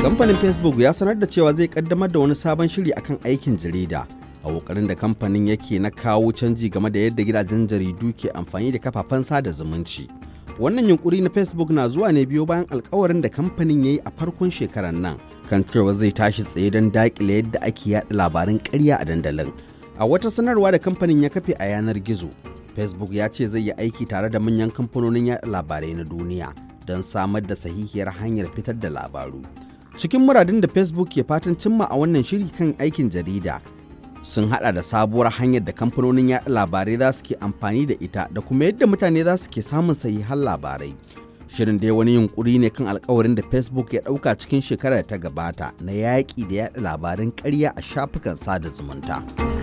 Kamfanin Facebook ya sanar da cewa zai kaddamar da wani sabon shiri akan aikin jarida. A kokarin da kamfanin yake na kawo canji game da yadda gidajen jaridu ke amfani da kafafen sada zumunci. Wannan yunkuri na Facebook na zuwa ne biyo bayan alkawarin da kamfanin ya yi a farkon shekarar nan kan cewa zai tashi tsaye don dakile yadda ake yaɗa labarin karya a dandalin. A wata sanarwa da kamfanin ya kafe a yanar gizo, Facebook ya ce zai yi aiki tare da manyan kamfanonin yaɗa labarai na duniya don samar da sahihiyar hanyar fitar da labaru. Cikin muradin da Facebook ke fatan cimma a wannan shiri kan aikin jarida sun hada da sabuwar hanyar da kamfanonin yaɗa labarai za su ke amfani da ita da kuma yadda mutane za su ke samun sahihan labarai. Shirin dai wani yunkuri ne kan alkawarin da Facebook ya ɗauka cikin shekarar ta gabata na yaƙi da yaɗa labarin karya a shafukan sada zumunta.